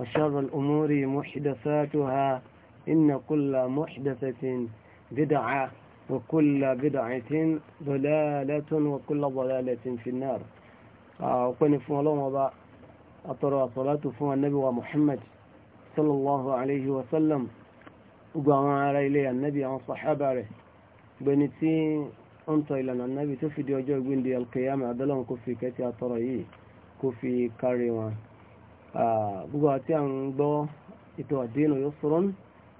وشر الأمور محدثاتها إن كل محدثة بدعة وكل بدعة ضلالة وكل ضلالة في النار وكان فون الله وضع أطرى صلاة فون النبي ومحمد صلى الله عليه وسلم وقام على إليه النبي عن صحابه بنتي أنت إلى النبي تفيد وجوه قندي القيامة أدلهم كفي كتي أطرى كفي كريوان Ah, gbogbo àti à ń gbọ́ ètò àdéhùn yóò sọ̀rọ̀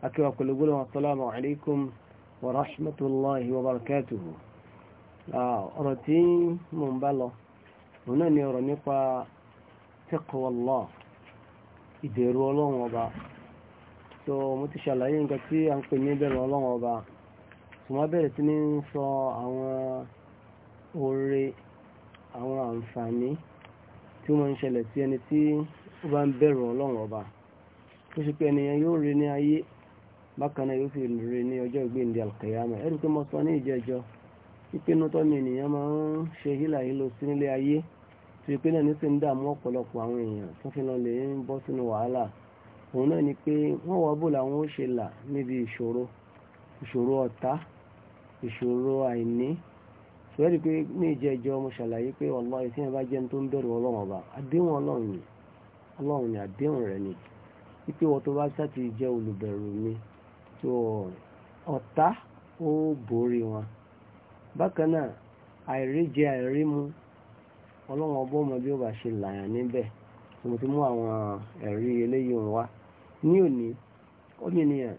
akẹ́wà pẹ̀lú gbọ́dọ̀ wọn assalamu alaikum wa rahmatulahi wa barakatuhu ah, ọ̀rọ̀ tí mò ń bá lọ òun náà ni ọ̀rọ̀ nípa taqwallah ìbẹ̀rù ọlọ́run ọba so mo ti ṣàlàyé nǹkan tí a ń pè ní ó bá ń bẹ̀rù ọlọ́run ọba tó ṣe pé ẹnìyàn yóò rí ní ayé bákanáà yóò fi rí ní ọjọ́ ìgbéǹde àlùkẹ́yàmọ̀ ẹ̀rù pé mo sọ ní ìjẹjọ ìpinnu tó ní ènìyàn máa ń ṣe hílàhílo sí nílé ayé tó ṣe pé náà ní ń dààmú ọ̀pọ̀lọpọ̀ àwọn èèyàn tó fi lọ lè ń bọ́ sínú wàhálà òun náà ni pé wọ́n bò làwọn ó ṣe là níbi ìṣòro ìṣòro ọ̀tá ìṣòro àìní ṣùgbọ́n ọba àdéhùn ọlọ́run yìí ọlọ́run ni àdéhùn rẹ̀ ni wípé wọ́n tó bá ṣáàtì jẹ́ olùbẹ̀rù mi tó ọ̀tá ó borí wọn bákan náà àìrí àìrí àìrímu ọlọ́run ọgbọ́n ọmọ bí ó bá ṣe làyàn níbẹ̀ tí mo ti mú àwọn ẹ̀rí eléyìí wá ní òní ọmọnìyàn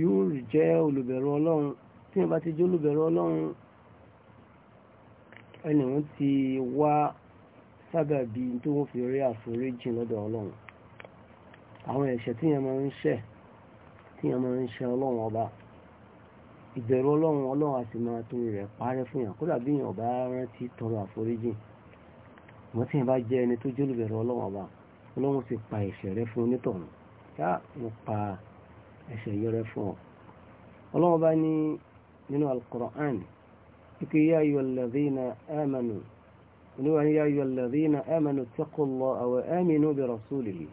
yóò jẹ́ olùbẹ̀rù ọlọ́run tí wọ́n bá ti jẹ́ olùbẹ̀rù ọlọ́run ẹnì wọ́n ti wá sábàbí tó wọ́n fi rí àforíjì lọ́dọ̀ ọlọ́run àwọn ẹ̀ṣẹ̀ tí máa ń ṣẹ̀ tí máa ń ọlọ́run ọba ìbẹ̀rù ọlọ́run ọlọ́run àti máa torí rẹ̀ parẹ́ fún yàn kódà bí yàn ọba rántí tọrọ àforíjì wọ́n tí bá jẹ́ ẹni tó jólùbẹ̀rù ọlọ́run ọba ọlọ́run sì pa ẹ̀ṣẹ̀ rẹ fún onítọ̀hún yá mo pa ẹ̀ṣẹ̀ yẹ rẹ fún ọ ọlọ́run ọba ní nínú oníwà ní yáyọ alladhina amanu taqullaha wa aminu bi rasulihi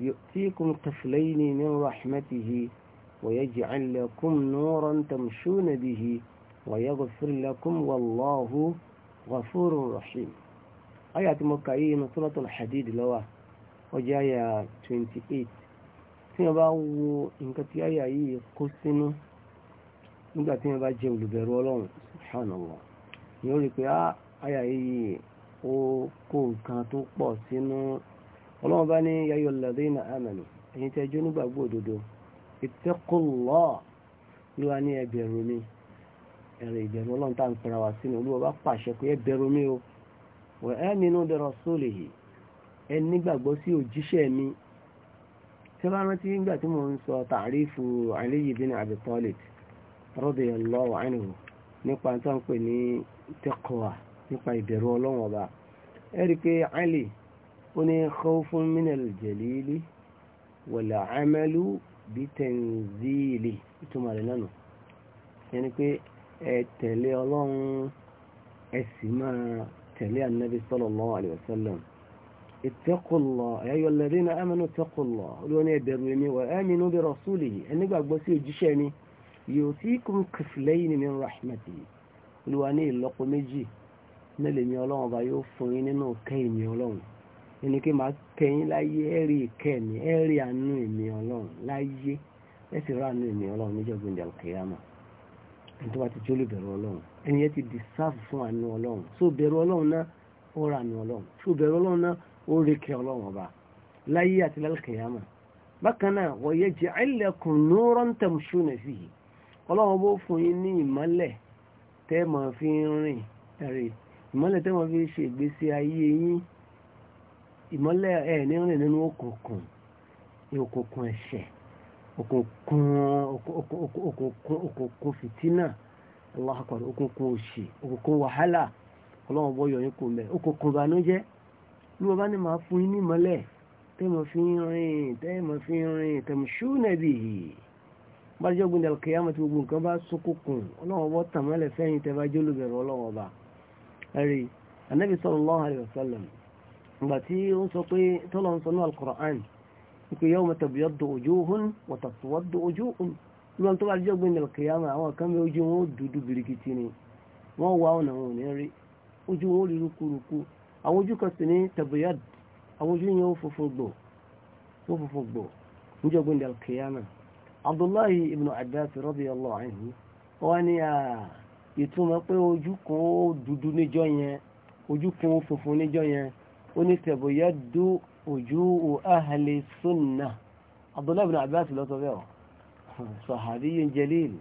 yu'tikum kiflayni min rahmatihi wa yaj'al lakum nuran tamshuna bihi wa yaghfir lakum wallahu ghafurur rahim aya tí mo kà yìí inú suratul hadid lọ́wọ́ ọjọ́ aya 28 tí wọ́n bá wo nǹkan tí aya yìí kó sínú nígbà tí wọ́n bá jẹ́ olùbẹ̀rù ọlọ́run subhanallah ni ó rí pé ah àyà o ó nkan to po sinu sínú ọlọ́run bá ní ya ayyuhal ladhina amanu ẹ̀yin tẹ́jú nígbàgbọ́ òdodo ittaqullah olúwa ní ẹ bẹ̀rù mi ere ìbẹ̀rù ọlọ́run tá à ń pera wá sínú olúwa bá pàṣẹ pé ẹ bẹ̀rù mi o wa aminu bi rasulihi ẹ nígbàgbọ́ sí òjíṣẹ́ mi tí wọ́n ti nígbà tí mo n so tarifu Aliyu bin Abi Talib radiyallahu anhu nípa tó ń pè ní taqwa nípa ìbẹ̀rù ọlọ́run ọba ẹ rí i pé Ali ó ní khawfun minal jalili wal amalu bitanzili ìtumọ̀ rẹ̀ lánàá yẹn ni pé ẹ tẹ̀lé ọlọ́run ẹ sì máa tẹ̀lé anabi sallallahu alayhi wa sallam ittaqullah ya ayyuhal ladhina amanu ittaqullah olúwa ní ẹ̀bẹ̀rù mi wa aminu bi rasulihi ẹni gbàgbọ́ sí òjíṣẹ́ mi yu'tikum kiflayni min rahmatihi olúwa ní ìlọ́po méjì nílẹ̀ mi ọlọ́run ọba yóò fún yín nínú kẹ́yìn mi ọlọ́run ẹni kí máa kẹ́yìn láyé ẹ̀rí kẹ́mi ẹ̀rí àánú mi ọlọ́run láyé ẹ̀sìn rà àánú mi ọlọ́run níjọ́ gbìndà kìyàmà ẹni tó bá ti jó lè bẹ̀rù ọlọ́run ẹni yẹn ti dìsáàfù fún àánú ọlọ́run tó bẹ̀rù ọlọ́run náà ó ra àánú ọlọ́run tó bẹ̀rù ọlọ́run náà ó rí kẹ́ ọlọ́run ọba láyé àti lálùkìyàmà bákan náà ìmọ́lẹ̀ tẹ́wọ́n fi ṣe ìgbésí ayé yín ìmọ́lẹ̀ ẹ̀ ní rìn nínú òkùnkùn òkùnkùn ẹ̀ṣẹ̀ òkùnkùn fìtínà aláhàkọ̀rọ̀ òkùnkùn òṣì òkùnkùn wàhálà ọlọ́run bọ́ yọ̀yìn kò mẹ́ òkùnkùn ìbànújẹ́ ní wọ́n bá ní máa fún yín ní ìmọ́lẹ̀ tẹ́mọ̀ fi ń rìn tẹ́mọ̀ fi ń rìn tẹ́mọ̀ ṣúnẹ̀bì bá jọ́gbìn dàlùkẹ́yàmọ̀ tí gbogbo nǹkan bá sókùnkùn ọlọ́run bọ́ tàmọ́lẹ̀ fẹ́yìn tẹ́ bá jólùbẹ̀rẹ̀ ọlọ́run ọba ẹ̀rí anabi sallallahu alayhi wa sallam ìgbà tí ó ń sọ pé tọ́lọ̀ ń sọ ní al-Qur'an ìpè yawma tabyaddu wujuhun wa taswaddu wujuhun ìgbà tó bá jẹ́ ògbìn ní al-qiyama àwọn kan bí ojú wọn ó dúdú birikiti ni wọ́n wá ọ̀nà wọn ò ní rí ojú wọn ìtumọ̀ pé ojú kan ó dúdú níjọ́ yẹn ojú kan ó funfun níjọ́ yẹn ó ní tẹ̀bọ̀yá dú ojú ahli sunnah abdullahi bin abbas lọ́sọ̀ bẹ́ẹ̀ o sahabiyyun jalil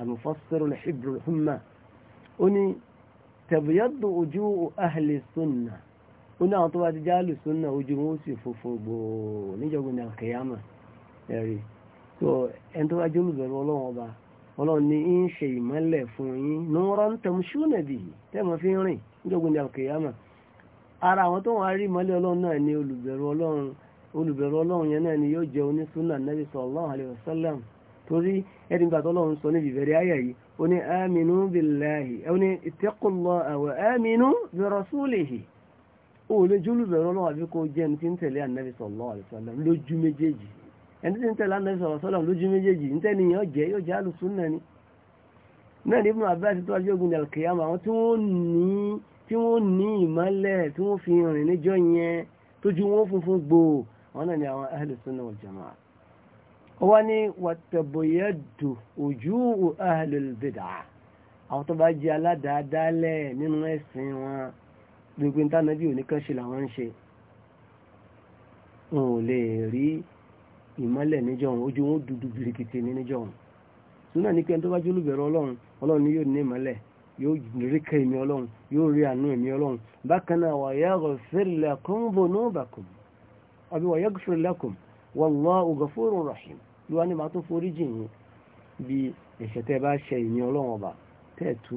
al-mufassir al-hibr al-humma ó ní tẹ̀bọ̀yá dú ojú ahli sunnah ó ní àwọn tó bá ti já lù sunnah ojú wọn ó sì funfun gbòò níjọ́gbìn náà kìyàmà ẹ̀rí tó ẹni tó bá jẹ́ olùbẹ̀rù ọlọ́run ọba ọlọ́run ni ń ṣe ìmọ́lẹ̀ fún yín nuran tamshuna bihi tẹ́mọ̀ fi ń rìn níjọ́gbìn ní alkiyama ara àwọn tó wọ́n rí ìmọ́lẹ̀ ọlọ́run náà ni olùbẹ̀rù ọlọ́run olùbẹ̀rù ọlọ́run yẹn náà ni yóò jẹ́ onísúnà nabi sallallahu alayhi wa sallam torí ẹni gbàtọ́ ọlọ́run sọ níbi ìbẹ̀rẹ̀ ayà yìí ó ní aminu billahi ó ní ittaqullaha wa aminu bi rasulihi ó lójú olùbẹ̀rù ọlọ́run àbíkó jẹ́ ní ti ń tẹ̀lé ànábì sallallahu alayhi wa sallam lójú méjèèjì ẹni tí ń tẹ̀lé ànábì sọ̀rọ̀ sọ́lọ̀ lójú méjèèjì ń tẹ́ni yàn jẹ́ yóò jẹ́ àlùsùn náà ni náà ní ibùdó abẹ́rẹ́ ti tọ́jú ogun alkiyama àwọn tí wọ́n ní tí wọ́n ní ìmọ́lẹ̀ tí wọ́n fi rìn níjọ́ yẹn tójú wọn funfun gbò wọn náà ni àwọn ahlu sunnah wal jamaa ó wá ní wàtẹ̀bọ̀yẹ́dù ojú ahlul bid'ah àwọn tó bá jẹ́ aládàádálẹ̀ nínú ẹ̀sìn wọn gbogbo ìtànàbí òníkan ṣe làwọn ń ṣe ìmọ́lẹ̀ níjọ́ òun ojú wọn dúdú birikiti ní níjọ́ òun súnà ní pé ẹni tó bá jólù bẹ̀rù ọlọ́run ọlọ́run ni yóò ní ìmọ́lẹ̀ yóò rí kẹ́ ẹ̀mí ọlọ́run yóò rí àánú ẹ̀mí ọlọ́run bákan náà wa yaghfir lakum dhunubakum àbí wa yaghfir lakum wallahu ghafurur rahim ló wá ní màá tó forí jì yín bí ẹ̀ṣẹ̀ tẹ́ bá ṣe ìmí ọlọ́run ọba tẹ́ tú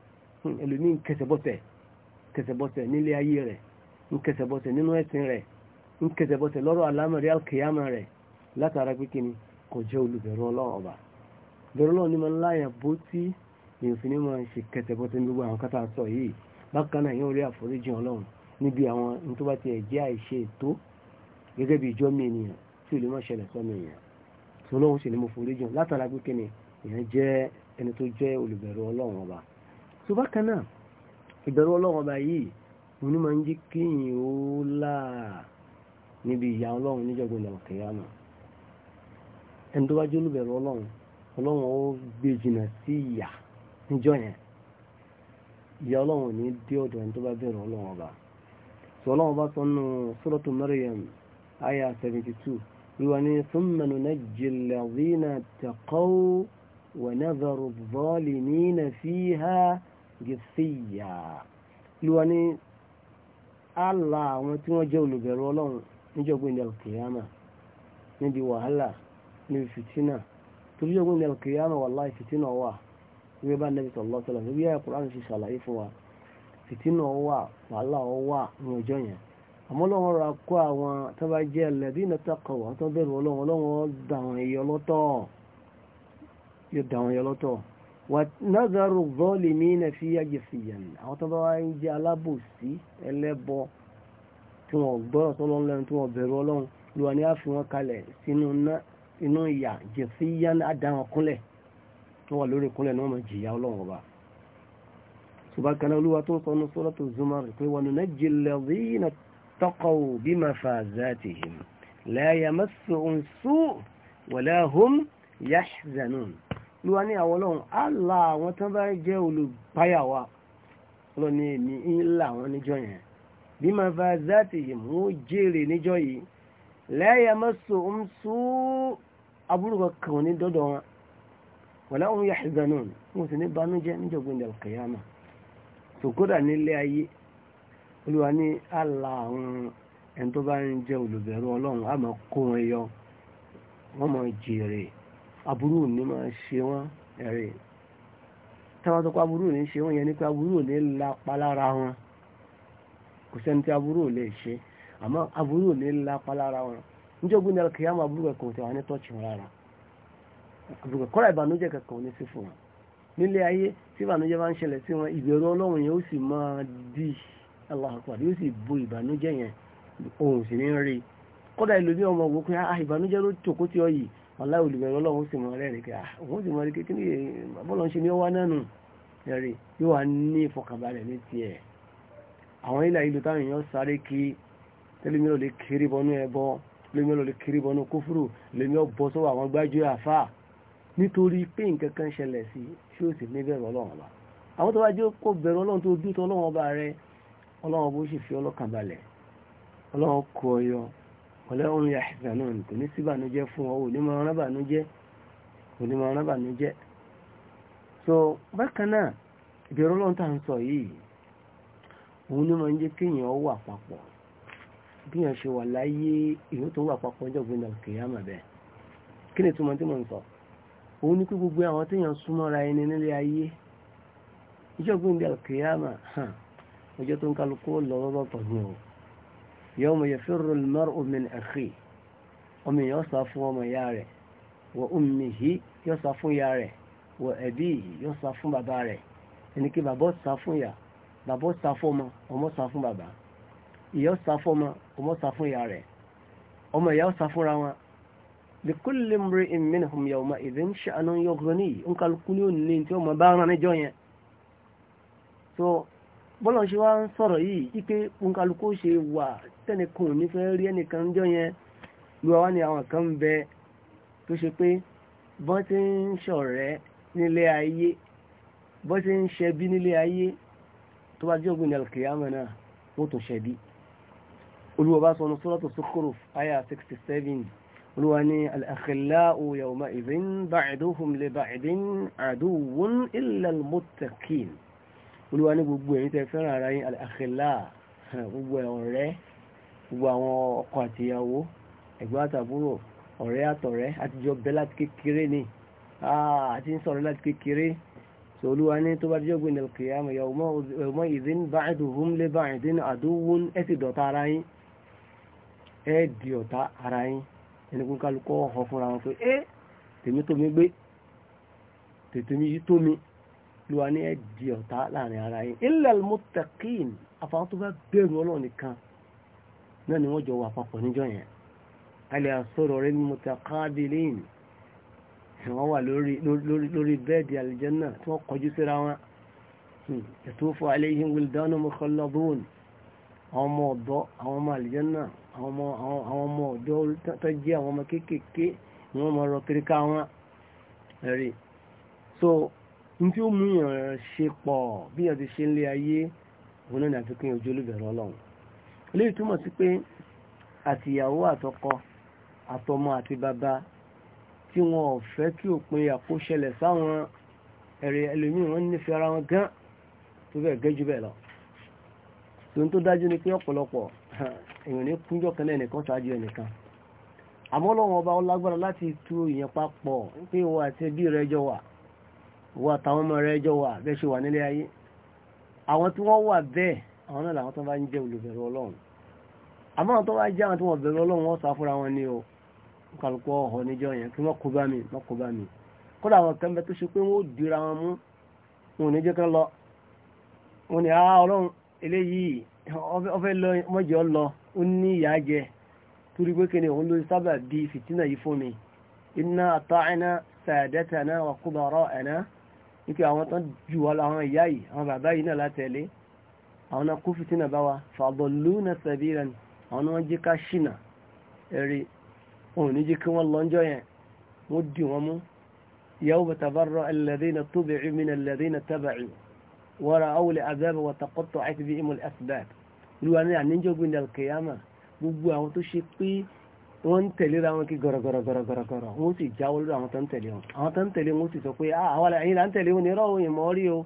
Hmm, ẹlòmí ń kẹsẹ̀bọ́sẹ̀ kẹsẹ̀bọ́sẹ̀ nílé ayé rẹ̀ ń kẹsẹ̀bọ́sẹ̀ nínú ẹ̀sìn rẹ̀ ń kẹsẹ̀bọ́sẹ̀ lọ́rọ̀ alámọ̀rí alkiyama rẹ̀ látara pé kíni kò jẹ́ olùbẹ̀rù ọlọ́run ọba bẹ̀rù ọlọ́run ní ma ń láyà bó tí èèyàn fi ní ma ṣe kẹsẹ̀bọ́sẹ̀ ní gbogbo àwọn kátà sọ yìí bákan náà yóò rí àforíjì ọlọ́run níbi àwọn tó bá tiẹ̀ jẹ́ àìṣe ètò gẹ́gẹ́ bí ìjọ mi ènìyàn tí ò lè ṣẹlẹ̀ sọ́mi èèyàn tí ọlọ́run sì ní mo foríjì látara pé kíni èèyàn jẹ́ ẹni tó jẹ́ olùbẹ̀rù ọlọ́run ọba tó bá kan náà ìbẹ̀rù ọlọ́run ọba yìí mo ní máa ń jí kéèyàn ó láà níbi ìyá ọlọ́run níjọ́gbọ̀n ìlànà kẹyàmù ẹni tó bá jẹ́ olùbẹ̀rù ọlọ́run ọlọ́run ó gbé jìnnà sí ìyà níjọ́ yẹn ìyá ọlọ́run ò ní dé ọ̀dọ̀ ẹni tó bá bẹ̀rù ọlọ́run ọba sọlọ́run bá sọ nù suratu Maryam aya seventy two wíwá ní thumma nunajjil ladhina taqaw wa nadharu adh-dhalimina fiha. gẹ̀fẹ́yà lúwa ni àlà àwọn tí wọ́n jẹ́ olùbẹ̀rù ọlọ́run níjọ́gbìn ní alkiyama níbi wàhálà níbi fìtínà torí jọ́gbìn ní alkiyama wàláì wà wíwẹ́ bá nẹ́bí sọ̀rọ̀ lọ́sọ̀rọ̀ níbi ayé kúránì ṣe ṣàlàyé fún wa wà wàhálà wànàzàrò zọ́ọ̀lìmí na fi yájẹ fìyàn àwọn tó bá wá ń jẹ alábòsí ẹlẹ́bọ tí wọ́n gbọ́rọ̀ sọ́lọ́ lẹ́nu tí wọ́n bẹ̀rù ọlọ́run ló wà ní àfi wọn kalẹ̀ sínú ìyà jẹ fìyàn adáhàn kúnlẹ̀ tó wà lórí kúnlẹ̀ ní wọ́n máa jìyà ọlọ́run ọba ṣùgbọ́n kan olúwa tó ń sọ ní suratu Zumar pé wọn nù najji alladhina lúwa ní àwọn ọlọ́run á àwọn tán bá jẹ́ olùpáyà wa èmi la àwọn níjọ́ yẹn bí ma fa záàtì yìí mú jèrè níjọ́ yìí lẹ́yà má so ń sú aburú kankan ní dọ́dọ̀ wọn wọ̀lá ohun yà ṣìgbànú wọn sì ní banújẹ níjọ̀gbọ́n ìdàlù kẹyàmà nílé ayé ní àwọn ẹni tó bá ń olùbẹ̀rù ọlọ́run kó wọn yọ aburú ò ma máa ṣe wọn ẹ̀rẹ̀ táwọn tọ́kọ aburú ò ṣe wọn yẹn ni pé aburú la wọn kò aburu tí aburú ṣe àmọ́ aburú ò ní lapa wọn níjọ́gbìn náà kìí àmọ́ aburú kẹ̀kọ́ tí wọ́n ní tọ́ọ̀ṣì wọn lára àbùkù kọ́ra ìbànújẹ́ kẹ̀kọ́ ní sí fún wọn nílé ayé tí bá ń sí wọn yẹn ó sì di sì bo yẹn òun sì ní rí kódà ìlú bí ọmọ pé ah, ló ọ yìí aláwọ̀ olùbẹ̀rẹ̀ ọlọ́run sì mọ̀ rẹ̀ ah, rí pé àwọn sì mọ̀ rí pé kí ni bọ́lọ̀ ń ṣe ní ọwá náà nù ẹ̀rí yóò wá ní ìfọkànbalẹ̀ ní tiẹ̀ àwọn ilẹ̀ ìlú táwọn èèyàn sáré kí tẹ́lẹ̀mílò lè kiri bọnú ẹbọ lẹ́mílò lè kiri bọnú kúfúrú lẹ́mílò bọ́ sọ́wọ́ àwọn gbájú àfà nítorí pé nǹkan kan ṣẹlẹ̀ sí tí ó sì ní bẹ̀rù ọlọ́run ọba àwọn tó bá jẹ́ kó bẹ̀rù ọlọ́run tó dúró tọ́ ọlọ́run ọba rẹ ọlọ́run bó sì fi ọlọ́kàn ọlọ́run kọ ọyọ wala hum yahzanun kò ní sí bànújẹ́ fún ọ òní máa rán bànújẹ́ so bákan náà ìbẹ̀rù ọlọ́run tá à ń sọ yìí òun ni máa ń jẹ́ kéèyàn ó wà papọ̀ bí yẹn ṣe wà láyé ìlú tó wà papọ̀ ọjọ́ ìgbìnà kìyàmà bẹ́ẹ̀ kí ni túmọ̀ tí mo ń sọ òun ni kí gbogbo àwọn téèyàn súnmọ́ra ẹni nílé ayé ìjọ́gbìn ìgbìnà kìyàmà ọjọ́ tó ń kálukú o. yawma yafirru al-mar'u min akhihi ọmọ èèyàn sá fún ọmọ ìyá rẹ̀ wa ummihi yóò sá fún ìyá rẹ̀ wa abihi yóò sá fún bàbá rẹ̀ ẹni kí bàbá sá fún ìyá bàbá sá fún ọmọ ọmọ sá fún bàbá ìyá sá fún ọmọ ọmọ sá fún ìyá rẹ̀ ọmọ ìyá sá fúnra wọn li kulli imri'in minhum yawma idhin sha'nun yughnihi nkàlùkù ni ó ní tí ọmọ bá rán níjọ yẹn so bọ́lá ṣe wá ń sọ̀rọ̀ yìí ike nkàlùkù ṣe wà tẹ́nìkan ò ní fẹ́ rí ẹnìkan jọ yẹn ló wá ní àwọn kan ń bẹ tó ṣe pé bọ́n ti ń ṣọ̀rẹ́ nílé ayé bọ́n ti ń ṣẹbí nílé ayé tó bá jẹ́ ògbìn alkiyama náà wọ́n tún ṣẹbí olúwa bá sọ ní suratu Zukhruf àyà 67 olúwa ní al-akhillau yawma'idhin ba'duhum li ba'din aduwwun illa al-muttaqin olúwa ní gbogbo ẹ̀yin tẹ́ fẹ́ràn ara yín al-akhillau gbogbo ọ̀rẹ́ gbogbo àwọn ọkọ àtìyàwó ẹ̀gbọ́n àtàbúrò ọ̀rẹ́ àtọ̀rẹ́ àtijọ́ bẹ́ẹ̀ láti kékeré ni àti ah, ń sọ̀rọ̀ láti kékeré olúwa ní tó bá jẹ́ ògbìn al-qiyāmah yawma idhin ba'duhum li ba'din aduwwun ẹ sì dọ̀tá ara yín ẹ di ọ̀tá ara yín ẹni kún kálukọ́ ọ̀họ́ fúnra wọn pé ẹ tèmi tó gbé tètèmi yìí tó olúwa ní ẹ di ọ̀tá láàrin ara yín illal muttaqīn àfàwọn tó bá bẹ̀rù ọlọ́run nìkan náà ni wọ́n jọ wà papọ̀ níjọ́ yẹn alẹ́ àsọ̀rọ̀ rẹ̀ ní mutaqabilin wọ́n wà lórí bẹ́ẹ̀dì aljanna tí wọ́n kọjú síra wọn hmm. yatufu alayhim wildanun mukhalladun àwọn ọmọ ọ̀dọ́ àwọn ọmọ aljanna àwọn ọmọ ọ̀dọ́ tó jẹ́ àwọn ọmọ kéékèèké ni wọ́n mọ̀ rọ kiri so n tí ó mú yàn ṣe pọ̀ bí yàn ti ṣe ń lé eléyìí túmọ̀ sí pé àtìyàwó àtọkọ àtọmọ àti bàbá tí wọn ò fẹ́ kí òpin àkóṣẹlẹ̀ sáwọn ẹ̀rẹ̀ ẹlòmíì wọn nífẹ̀ẹ́ ara wọn gán tó bẹ́ẹ̀ gẹ́jú bẹ́ẹ̀ lọ tòun tó dájú ni pé ọ̀pọ̀lọpọ̀ èèyàn ní kúnjọ́ kan náà ẹnìkan ṣáájú ẹnìkan àmọ́ lọ́wọ́ ọba ó lágbára láti tú ìyẹn papọ̀ pé ìwọ àti ẹbí rẹ jọ wà ìwọ àtàwọn ọmọ rẹ jọ wà bẹ́ẹ̀ ṣe wà nílé ayé àwọn tí wọ́n wà bẹ́ẹ̀ àwọn náà làwọn tó bá ń jẹ́ olùbẹ̀rù ọlọ́run àmọ́ àwọn tó bá jẹ́ àwọn tó wọ́n bẹ̀rù ọlọ́run wọ́n sá fúnra wọn ní o kálukọ́ ọ̀họ́ níjọ́ yẹn kí wọ́n kó bá mi wọ́n kó bá mi kódà àwọn kan bẹ tó ṣe pé wọ́n ó dira wọn mú wọn ò ní jẹ́ kán lọ wọn ni a ah, ọlọ́run eléyìí ọfẹ́ lọ mọ́jẹ́ lọ ó ní ìyá jẹ torí pé kíni òun ló sábà bí fìtínà yìí fún mi inna ata'na sadatana wa kubara'ana wípé àwọn tán jù wá láwọn ìyá yìí àwọn bàbá yìí náà látẹ̀lé àwọn náà kó fìtínà bá wa fadalluna sabilan àwọn náà wọ́n jẹ́ ká ṣìnà ẹ̀rí òun ní jẹ́ kí wọ́n lọ́njọ́ yẹn wọ́n dì wọ́n mú yawma tabarra alladhina tubi'u min alladhina taba'u wa ra'aw al-'adhaba wa taqatta'at bihim al-asbab olúwa ní àníjọ́gbìn al-qiyama gbogbo àwọn tó ṣe pé wọ́n ń tẹ̀lé ra wọn kí gọ̀rọ̀gọ̀rọ̀gọ̀rọ̀gọ̀rọ̀ wọ́n sì jáwọ́ lórí àwọn tó ń tẹ̀lé wọn àwọn tó ń tẹ̀lé wọn sì sọ pé ah, àwọn àyìnlá ń tẹ̀lé wọn ní rọ́ọ̀yìn mọ́rí o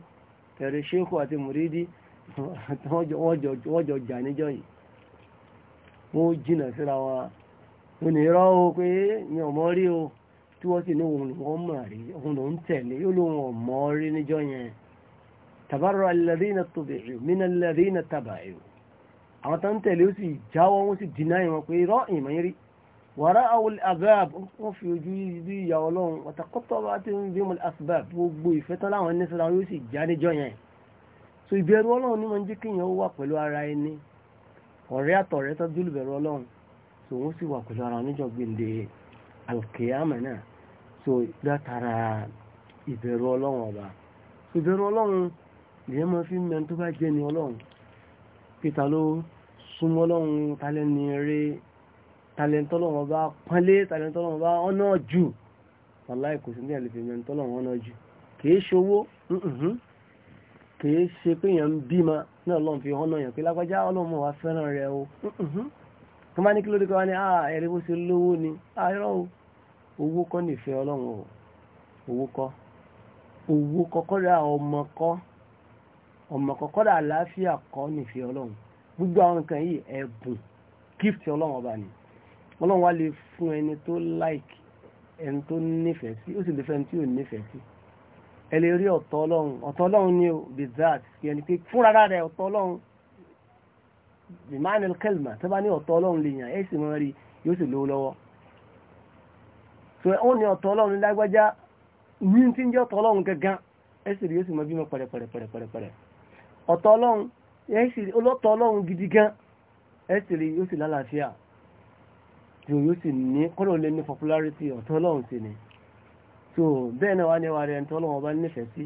tẹ̀rẹ̀ ṣéèkù àti mùrídìí wọ́n jọ jà níjọ́ yìí wọ́n jìnà síra wọn wọ́n ní irọ́ o pé mi ò mọ̀ rí o tí wọ́n sì ní òun wọ́n mọ̀ rí òun ló ń tẹ̀lé yóò lóun ò mọ̀ rí níjọ́ yẹn tabarra alladhina tubi'u min alladhina taba'u àwọn tán tẹ̀lé ó sì jáwọ́ wọ́n sì dínà ìwọ̀n pé irọ́ ìmọ̀ yẹn rí wàrà àwọn abab wọ́n fi ojú ibi ìyàwó lọ́hùn ọ̀tàkọ́tọ̀ bá ti ń bímọ asbab gbogbo ìfẹ́ tán láwọn ní sọ́ra so ìbẹ̀rù ọlọ́run ní máa ń jẹ́ kí èèyàn wà pẹ̀lú ara ẹni ọ̀rẹ́ àtọ̀rẹ́ tó dúró bẹ̀rù ọlọ́run so wọ́n sì wà pẹ̀lú ara oníjọ gbèǹde alkiyama náà so látara ìbẹ̀rù ọlọ́run ọba so ìbẹ̀rù ọlọ́run ìyẹn máa fi mẹ́rin tó bá jẹ́ ni ọlọ́run peter ló súnmọ́ ọlọ́run tálẹ́ni eré tálẹ́ntọ́lọ́run bá pọ́nlé tálẹ́ntọ́lọ́run bá ọ̀nà jù wàláì kò sí ní ẹ̀lẹ́fẹ̀ẹ́ mẹ́rin tọ́lọ́run ọ̀nà jù kì í ṣowó kìí ṣe pé èèyàn ń bímọ náà lọ́n fi hàn náà yàn pé lágbájá ọlọ́mọ wa fẹ́ràn rẹ o mm-hmm. tó bá ní kí ló dé kí wọ́n ní à ah, ẹ̀rí bó ṣe lówó ni àìrọ́ ah, o owó kọ́ nífẹ̀ẹ́ ọlọ́run o owó kọ́ owó kọ́kọ́ rẹ ọmọ kọ́ ọmọ kọ́kọ́ rẹ àlàáfíà kọ́ nífẹ̀ẹ́ ọlọ́run gbogbo àwọn nǹkan yìí ẹ̀bùn gift ọlọ́run ọba ni ọlọ́run wa lè fún ẹni tó like ẹni tó nífẹ̀ẹ́ sí ó sì lè fẹ́ ẹni tí ò nífẹ̀ẹ́ sí ẹ lè rí ọ̀tọ̀ ọlọ́run ọ̀tọ̀ ọlọ́run ni o bizat yẹn ni pé fúnra rẹ̀ ọ̀tọ̀ ọlọ́run bimanil kelma tó bá ní ọ̀tọ̀ ọlọ́run lè yàn ẹ sì mọ rí yóò sì lówó lọ́wọ́ tó ẹ ó ní ọ̀tọ̀ ọlọ́run lágbájá ní ti ń jẹ́ ọ̀tọ̀ ọlọ́run gangan ẹ sì rí yóò sì mọ bímọ pẹ̀rẹ̀pẹ̀rẹ̀pẹ̀rẹ̀ ọ̀tọ̀ ọlọ́run ẹ sì rí olóòtọ̀ ọlọ́run popularity ọ̀tọ̀ ọlọ́run so bẹ́ẹ̀ náà wá ní wàá rẹ̀ ẹni tó ọlọ́wọ́n ọba nífẹ̀ẹ́ sí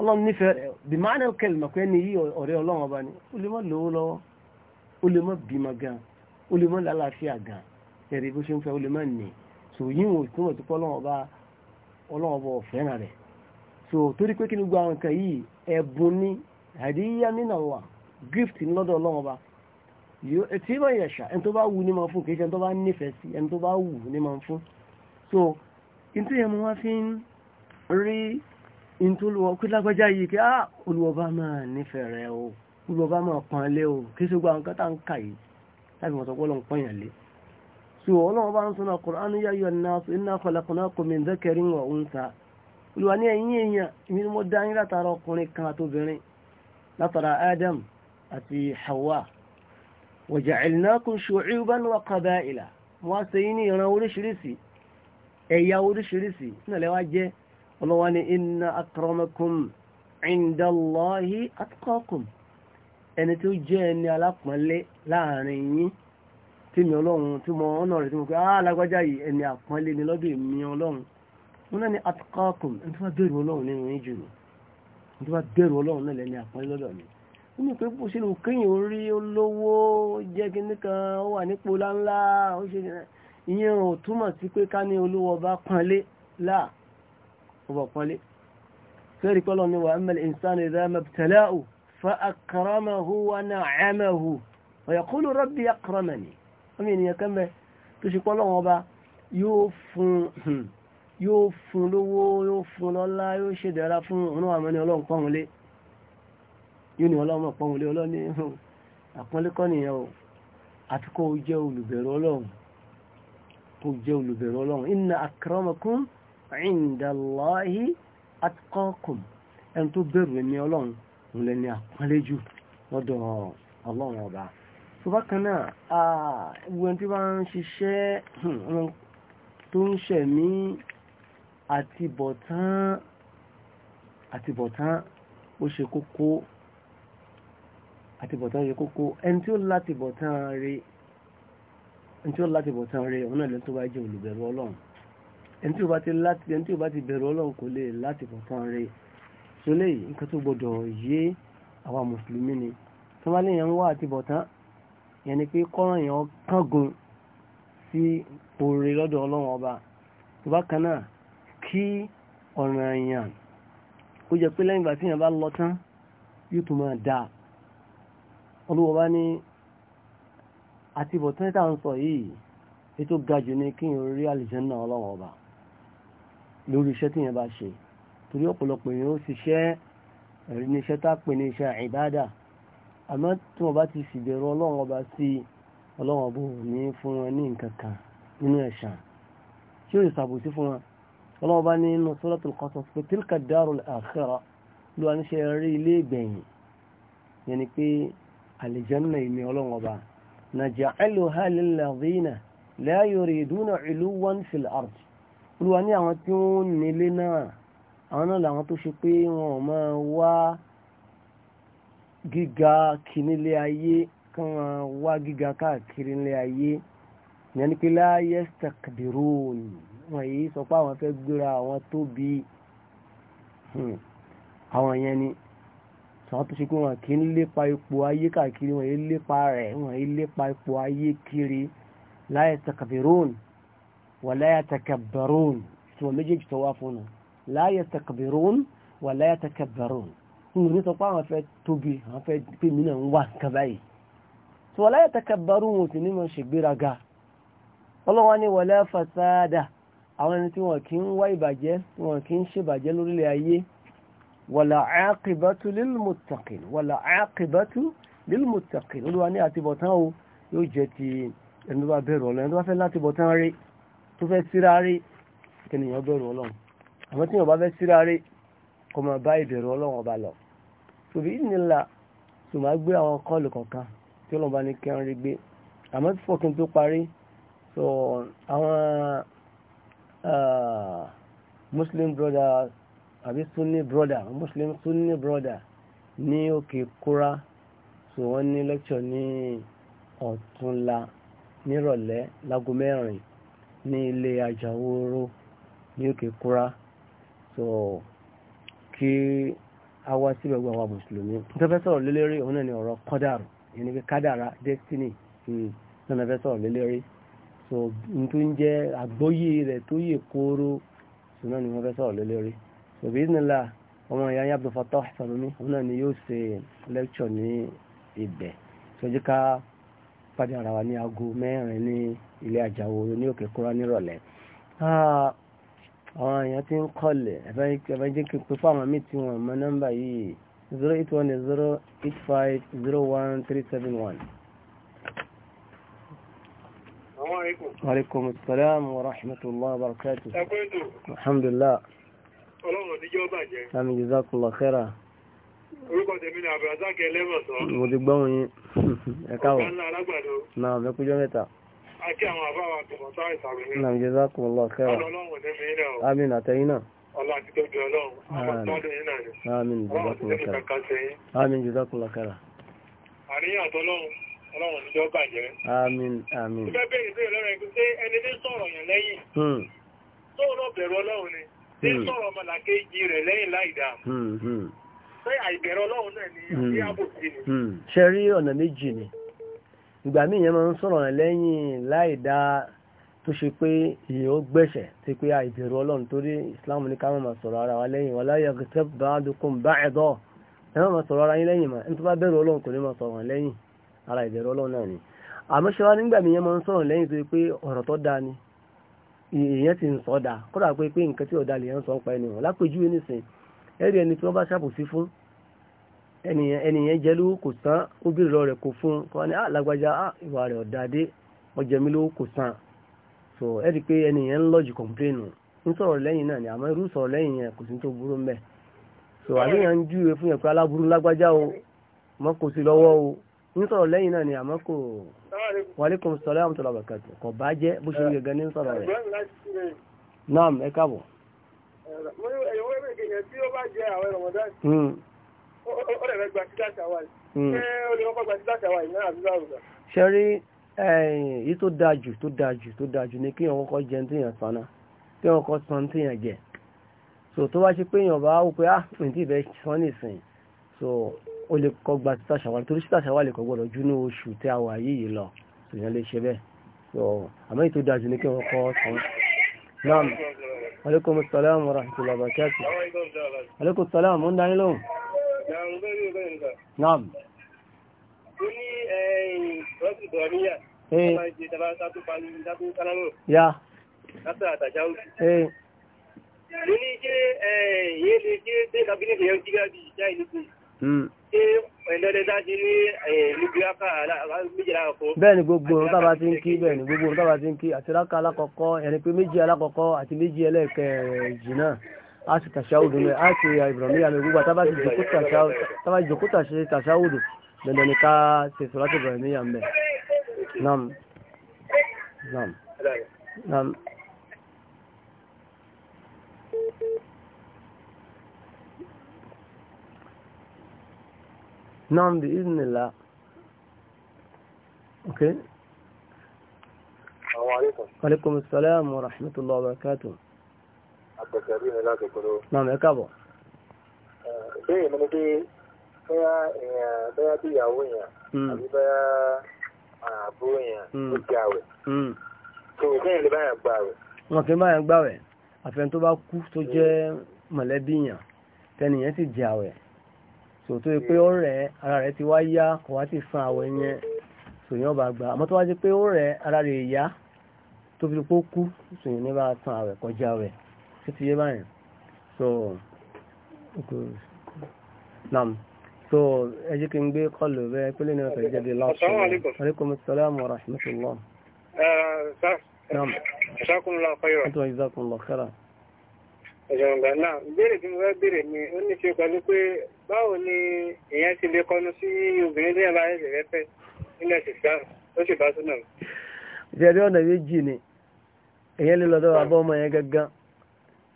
ọlọ́run nífẹ̀ẹ́ bí máa ní kẹlì pé ẹni yí ọ̀rẹ́ ọlọ́run ọba ni ó lè má lówó lọ́wọ́ ó lè má bímọ gan ó lè má lálàáfíà gan ẹ̀rí bó ṣe ń fẹ́ ó nì so yíwọ̀n ìtumọ̀ tó kọ́ ọlọ́run ọba ọlọ́run so torí pé kí ni gbogbo àwọn nǹkan yìí ẹ̀bùn gift ní lọ́dọ̀ ọlọ́run ọba tí ó bá yẹ̀ṣà ẹni tó bá wù ní máa fún kì í so ìtú yẹn mo wá fi ń rí ìtúlùwọ́ pé lágbájá yìí kí á ah, olùwọ́bá máa nífẹ̀ẹ́ rẹ o olùwọ́bá máa pọ́n lé o kí sí gbà nǹkan tá ń kà yìí láti mọ̀ sọ́kọ́ lọ́n pọ́n yàn lé so ọlọ́run bá ń sọ náà Qur'an yá yọ náà so inna khalaqnakum min dhakarin wa untha olùwà ní ẹ̀yìn èèyàn mi ni mo dá yín látara ọkùnrin kan àtobìnrin látara Adam àti Hawa wa ja'alnakum shu'uban wa qaba'ila wọ́n á ṣe ní ìran oríṣiríṣi ẹ̀yà oríṣiríṣi nílẹ̀ wá jẹ́ ọlọ́wà ní inna akramakum indallahi atqakum ẹni tó jẹ́ ẹni alápọ̀nlé láàrin yín tí mi ọlọ́run tí mo ọ̀nà rẹ̀ tí mo pé ah, alágbájá yìí ẹni àpọ́nlé ni lọ́dọ̀ mi ọlọ́run wọn náà ni ẹni tó bá bẹ̀rù ọlọ́run nínú ìyẹn ò túmọ̀ sí pé ká ní olúwọ bá pọ́nlé láà ọba pọ́nlé fẹ́rí pọ́lọ ni wà mẹ́lẹ̀ ìsáni ìdá mẹ́btẹ̀láù fa akramahu wa na'amahu wa yaqulu rabbi akramani ọmọ ènìyàn kan bẹ tó ṣe pọ́lọ wọn bá yóò fún lówó yóò fún lọ́lá yóò ṣe dára ní ọlọ́run pọ́nlé ọlọ́ni àti kó jẹ́ olùbẹ̀rù ọlọ́run tó jẹ́ olùbẹ̀rù ọlọ́run inna akramakum indallahi atqakum ẹni tó bẹ̀rù ẹni ọlọ́run òun lẹni àpọ́nlẹ́jù lọ́dọ̀ ọlọ́run ọba tó bá kan náà gbogbo ẹni tí wọ́n ń ṣiṣẹ́ hmm, tó ń ṣẹ̀mí àtibọ̀tán àtibọ̀tán ó ṣe kókó àtibọ̀tán ṣe kókó ẹni tí ó látibọ̀tán rí ẹni tí ó láti bọ̀ tán rẹ̀ ọ̀nà ilẹ̀ tó bá jẹ́ olùbẹ̀rù ọlọ́run ẹni tí ó bá ti láti ẹni tí ó bá ti bẹ̀rù ọlọ́run kò lè láti bọ̀ tán rẹ̀ tó lè nǹkan tó gbọdọ̀ yé àwa mùsùlùmí ni tó bá lè yẹn ń wá àti bọ̀ tán yẹn ni pé kọ́ràn yẹn kángun sí oore lọ́dọ̀ ọlọ́run ọba tó bá kan náà kí ọ̀ràn èèyàn ó jẹ́ pé lẹ́yìn ìgbà tí èèyàn bá lọ tán yóò tún máa dáa olúwọ́ bá ní àti bọ̀tẹ́tà ń sọ yìí ètò gajù ní kí n rí àlìjẹ́nà ọlọ́wọ́ ọba lórí iṣẹ́ tí yẹn bá ṣe torí ọ̀pọ̀lọpọ̀ èèyàn ó ṣiṣẹ́ ẹ̀rí ní iṣẹ́ tá a pè ní iṣẹ́ ìbádà àmọ́ tí wọ́n bá ti sì bẹ̀rù ọlọ́wọ́ ọba sí ọlọ́wọ́ ọba ní fún wọn ní nǹkan kan nínú ẹ̀san tí ó ṣàbòsí fún wọn ọlọ́wọ́ ọba nínú Suratul Qasas pé tilka darul akhirah ló wà níṣẹ́ rí ilé ìgbẹ̀yìn yẹn ni pé àlìjẹ́nà ìmì ọlọ́wọ́ ọba naj'aluha lilladhina la yuriduna 'uluwan fil ard olúwa ní àwọn tí wọ́n nílé náà àwọn náà làwọn tó ṣe pé wọn ò máa wá gíga kìnílé ayé kí wọ́n wá gíga káàkiri nílé ayé ìyẹn pé la yastakbirun wọn yìí sọ pé àwọn fẹ́ gbéra àwọn tóbi hmm. àwọn yẹn ni àwọn tó ṣe pé wọn kì í lépa ipò ayé káàkiri wọn yìí lépa rẹ̀ wọn yìí lépa ipò ayé kiri la yastakbirun wa la yatakabbarun ìtumọ̀ méjèèjì tó wá fún un la yastakbirun wa la yatakabbarun nínú ní sọ pé àwọn fẹ́ tóbi àwọn fẹ́ pé mí náà ń wà nǹkan báyìí tó wa ọlọ́wọ́ ni wa la fasada wàlà àákìbátú lílmùtàkìn wàlà àákìbátú lílmùtàkìn olúwa ní àtibọ̀tán o yóò jẹ́ ti ẹni tó bá bẹ̀rù ọlọ́run ẹni tó bá fẹ́ látibọ̀tán rí tó fẹ́ síra rí kẹnìyàn bẹ̀rù ọlọ́run àmọ́ tí yóò bá fẹ́ síra rí kó máa bá ìbẹ̀rù ọlọ́run ọba lọ tòbí nílà tó máa gbé àwọn kọ́ọ̀lù kọ̀ọ̀kan tí ọlọ́run bá ní kẹrin rí gbé àmọ́ tí tó parí so àwọn ah, Muslim brothers àbí sunni brother muslim sunni brother ní òkè kúra so wọ́n ní lecture ní ọ̀túnla nírọ̀lẹ́ lágo mẹ́rin ní ilé àjàwòrò ní òkè kúra so kí a wá síbẹ̀ gbọ́ àwọn mùsùlùmí tó sọ̀rọ̀ lélẹ́rí òun náà ni ọ̀rọ̀ kọ́dàrú ìní pé kádàrá destiny náà fẹ́ sọ̀rọ̀ lélẹ́rí so n tó ń jẹ́ àgbóyè rẹ̀ tó yè kóró so ni wọ́n fẹ́ sọ̀rọ̀ lélẹ́rí òbí nílà ọmọ ìyá yá Abdul Fattah Salumi òun náà ni yóò ṣe lẹ́kṣọ̀ ní ibẹ̀ sojú ká pàdé ara wa ní aago mẹ́rin ní ilé àjàwò ní òkè kúrá nírọ̀lẹ́ àwọn èèyàn ti ń kọlẹ̀ ẹ̀fẹ́ jẹ́ kí pé fáwọn míì tí wọ́n mọ nọ́mbà yìí zero eight one zero eight five zero one three seven Ọlọ́run níjọ́ bàjẹ́. Àmì jazakallahu khaira. Orúkọ tèmi ni Abdulrazak Ẹlẹ́mọ̀sán. Mo ti gbọ́ wọn yín. Ẹ káwọ̀. Ọ̀gá ńlá alágbàdo. Náà mẹ́kújọ́ mẹ́ta. Akí àwọn àbáwà tòmọ̀tá ìsàmìlẹ̀. Àmì jazakallahu khaira. Ọlọ́run ní mi náà. Àmín àtẹ̀yìn náà. Ọlá àti tọ́jú Ọlọ́run. Àwọn tọ́dún yín náà ni. Àmín jazakallahu khaira. Àmín jazakallahu khaira. Àríyàn àtọ́lọ́run. Ọlọ́run níjọ́ bàjẹ́. Àmín àmín. Ìgbẹ́ bẹ́ẹ̀ ìbéèrè lọ́rọ̀ ẹgbẹ́ ẹni tí sọ̀rọ̀ yàn lẹ́yìn. Hmm. Tó rọ̀ bẹ̀rù Ọlọ́run ni. tí ń hmm. sọ̀rọ̀ mọ̀làkejì rẹ̀ lẹ́yìn hmm, hmm. àìbẹ̀rẹ̀ ọlọ́run náà ṣe rí ọ̀nà méjì ni ìgbà míì yẹn lẹ́yìn láìdáa tó ṣe pé èèyàn ó gbẹ̀ṣẹ̀ tí pé ọlọ́run torí Islam sọ̀rọ̀ ara wa lẹ́yìn sọ̀rọ̀ ara yín lẹ́yìn ma ẹni tó bá bẹ̀rù ọlọ́run sọ̀rọ̀ lẹ́yìn lẹ́yìn tó ṣe èèyàn ti ń sọ dà kódà pé pé nǹkan tí ọ̀dà lèèyàn sọ ń pa ènìyàn lápèjúwe nísìn ẹ̀rí ẹni tí wọ́n bá ṣàbòsí fún ẹnìyẹn ẹnìyẹn jẹ́ lówó kò san ó bèrè lọ rẹ̀ kò fún un kọ́ ni alágbájá ah, ah, ìwà rẹ̀ ọ̀dà dé ọjọ́ mi lówó kò san so ẹ̀rí pé ẹnìyẹn ń lọ́ọ̀jù kọ̀m̀pléènù ń sọ̀rọ̀ lẹ́yìn náà ni àmọ́ irú sọ̀rọ̀ lẹ́yìn yẹn kò sí tó burú mbẹ́ so àbíyàn ń júwe fún yẹn pé aláburú ń sọ̀rọ̀ lẹ́yìn náà ni àmọ́ kò wàlékùn sọ̀rọ̀ àwọn tọ́lá bàkàtù kò bá jẹ́ bó ṣe gẹ̀gẹ́ ní sọ̀rọ̀ rẹ̀ naam ẹ káàbọ̀. ṣẹ́rí hmm. hmm. eh, èyí tó dáa jù tó dáa jù tó dáa jù ni kí ọkọ̀ jẹun tí yàn sanná kí ọkọ̀ san tí yàn jẹ so tó bá ṣe pé yàn bá wò pé ah mi ti bẹ sọ nísìnyí so ó lè kọgbà títà ṣàwálì torí títà ṣàwálì kò gbọdọ̀ jù ní oṣù tí a wà yìí lọ èèyàn lè ṣe bẹ́ẹ̀ so àmọ́ ètò ìdájú ní kí wọ́n kọ́ ọ̀sán naam aleykum salaam wa rahmatulah barakatu aleykum salaam ń dání lóhùn. naam. ó ní rọ́ọ̀sì bọ̀ọ̀míyà ọmọ ìjì ìjọba sátú parí sátú kálámù. ya. látà àtàjà ó. Eh. mo ní ṣé eh, ìyé lè ṣe ṣé kábínẹ̀tì yẹn ń jígá bíi ìjà ìlú Hmm. bẹ́ẹ̀ni gbogbo ohun tábà ti ń kí bẹ́ẹ̀ni gbogbo ohun tábà ti ń kí àti rákà alákọ̀ọ́kọ́ ẹni pé méjì alákọ̀ọ́kọ́ àti méjì ẹlẹ́ẹ̀kẹ̀ẹ́jì náà a sì tàṣáwùdù rẹ̀ a sì ya ìbùrọ̀mí àmì gbogbo àtàbà sì jòkó tàṣáwùdù dandan ni ká ṣe sọ̀rọ̀ àti ìbùrọ̀mí àmì bẹ́ẹ̀. نعم بإذن الله أوكي السلام عليكم وعليكم السلام ورحمة الله وبركاته عبد الكريم لا تقولوا نعم يا كابو bẹ́ẹ̀ mi ni pé bóyá èèyàn bóyá bí ìyàwó èèyàn hmm. àbí bóyá àbúrò èèyàn ó ti hmm. àwẹ̀ tó hmm. ìkẹyìn lè báyàn gbà rẹ̀. wọn kì í báyàn gbà rẹ̀ àfẹn tó bá kú tó jẹ́ mọ̀lẹ́bí èèyàn tẹnìyàn sì jẹ àwẹ̀ sòtó pé ó rẹ̀ ara rẹ̀ ti wá yá kò wá ti san àwẹ̀ yẹn sòyìn ọba gbà àmọ́ tó wá jẹ́ pé ó rẹ̀ ara rẹ̀ yá tó fi kó kú sòyìn ní bá san àwẹ̀ kọjá rẹ̀ títí yé báyìí so nam so ẹ jẹ́ kí n gbé kọlù rẹ pélé ní ọ̀sẹ̀ ìjẹ́bi lọ́sọ̀ aleykum salaam wa rahmatulah. ṣáàkùn lọ́kọ̀ yọ̀. ìjọba náà ìbéèrè tí mo fẹ́ béèrè ni ó ní ṣe pẹ̀lú pé báwo ni èèyàn ti lè kọnu sí obìnrin tí yàrá ẹ̀sẹ̀ rẹ̀ fẹ́ nílẹ̀ ṣìṣẹ́ ó sì bá súnà. ìṣẹ̀rí ọ̀nà méjì ni èèyàn lè bàbá ọmọ yẹn gángan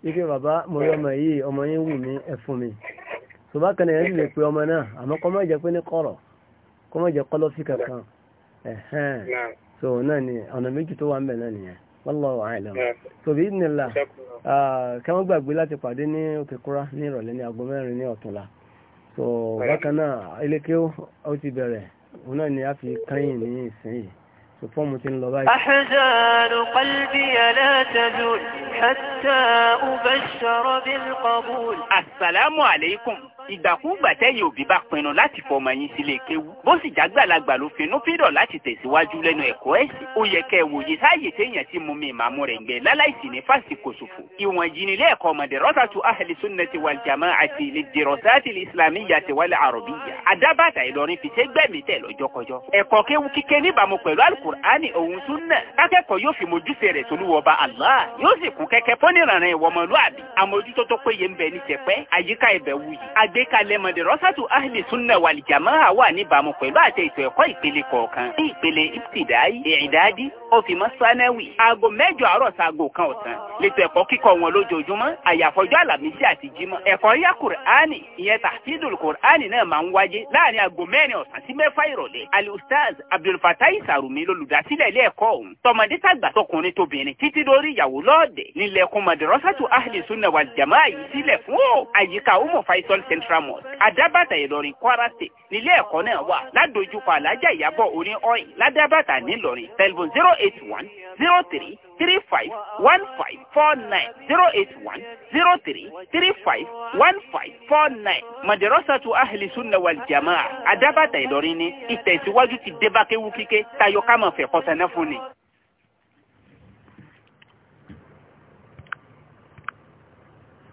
wípé bàbá mo rí ọmọ yìí ọmọ yẹn wù mí ẹ fún mi ṣùgbọ́n kan lè pe ọmọ náà àmọ́ kọ́ pé ní so náà ni ọ̀nà méjì tó wà ń bẹ̀ wallahu a'lam tòbí nílà ah, kí wọ́n gbàgbé láti pàdé ní òkè kúrá ní ìrọ̀lẹ́ ní aago mẹ́rin ní ọ̀túnla so bákan náà eléke ó ti bẹ̀rẹ̀ òun náà ni a fi kẹ́yìn ní ìsìn yìí so fọ́ọ̀mù ti ń lọ báyìí ìgbàkúgbà tẹ́yìn òbí bá pinnu láti fọmọ yín sílé kéwú bó sì jágbàlagbà ló finú fídọ̀ láti tẹ̀síwájú lẹ́nu ẹ̀kọ́ ẹ̀sìn ó yẹ kẹ́ ẹ wòye sáàyè téèyàn ti mú mi ìmàmú rẹ̀ gbẹ láláìsí ní fásitì ṣòfò ìwọ̀n ìjìnlẹ̀ ẹ̀kọ́ ọmọdé rọ́tàtú ahli sunnati wal jama'ati lè dèrò sáàtì islamiyyati wal arabiyyah adábàtà ìlọrin fi ṣe gbẹ̀mí tẹ̀ lọ́jọ́ kọjọ́ ẹ̀kọ́ kéwú kíké níbàámu pẹ̀lú alukur'ani òun allah yóò sì kún kẹ́kẹ́ fọ́nìrànràn ìwọ̀mọlúàbí àmójútó tó péye ń bẹ ní tẹ̀pẹ́ àgbékalẹ̀ madrasatu ahli sunna wal jamaa wà níbàámu pẹ̀lú àti ètò ẹ̀kọ́ ìpele kọ̀ọ̀kan ní ìpele ibtidai ìdádi òfìmọ́ sanawi aago mẹ́jọ àárọ̀ sáago kan ọ̀sán lẹ́tò ẹ̀kọ́ kíkọ́ wọn lójoojúmọ́ àyàfọ́jọ́ àlàmísì àti jímọ̀ ẹ̀kọ́ yá kùránì ìyẹn tàfídùl kùránì náà máa ń wáyé láàrin aago mẹ́rin ọ̀sán sí mẹ́fà ìrọ̀lẹ́ alustaz abdulfatai sarumi lolùdásílẹ̀ ilé ẹ̀kọ́ ọ̀hún tọmọdé tàgbà tọkùnrin tóbìnrin títí dórí ìyàwó lọ́ọ̀dẹ̀ nílẹ̀kùn madrasatu ahli sunna wal Ramos Adábàtà Ìlọrin Kwara State nílé ẹ̀kọ́ náà wà ládojúkọ Alájà Ìyábọ̀ orin oil ládábàtà nílọrin telephone zero eight one zero three three five one five four nine zero eight one zero three three five one five four nine Madrasatu Ahli Sunna wal Jamaa Adábàtà Ìlọrin ní ìtẹ̀síwájú ti débákéwú kíké tayọ kámọ̀ fẹ̀kọ́sẹ̀ náà fún ni.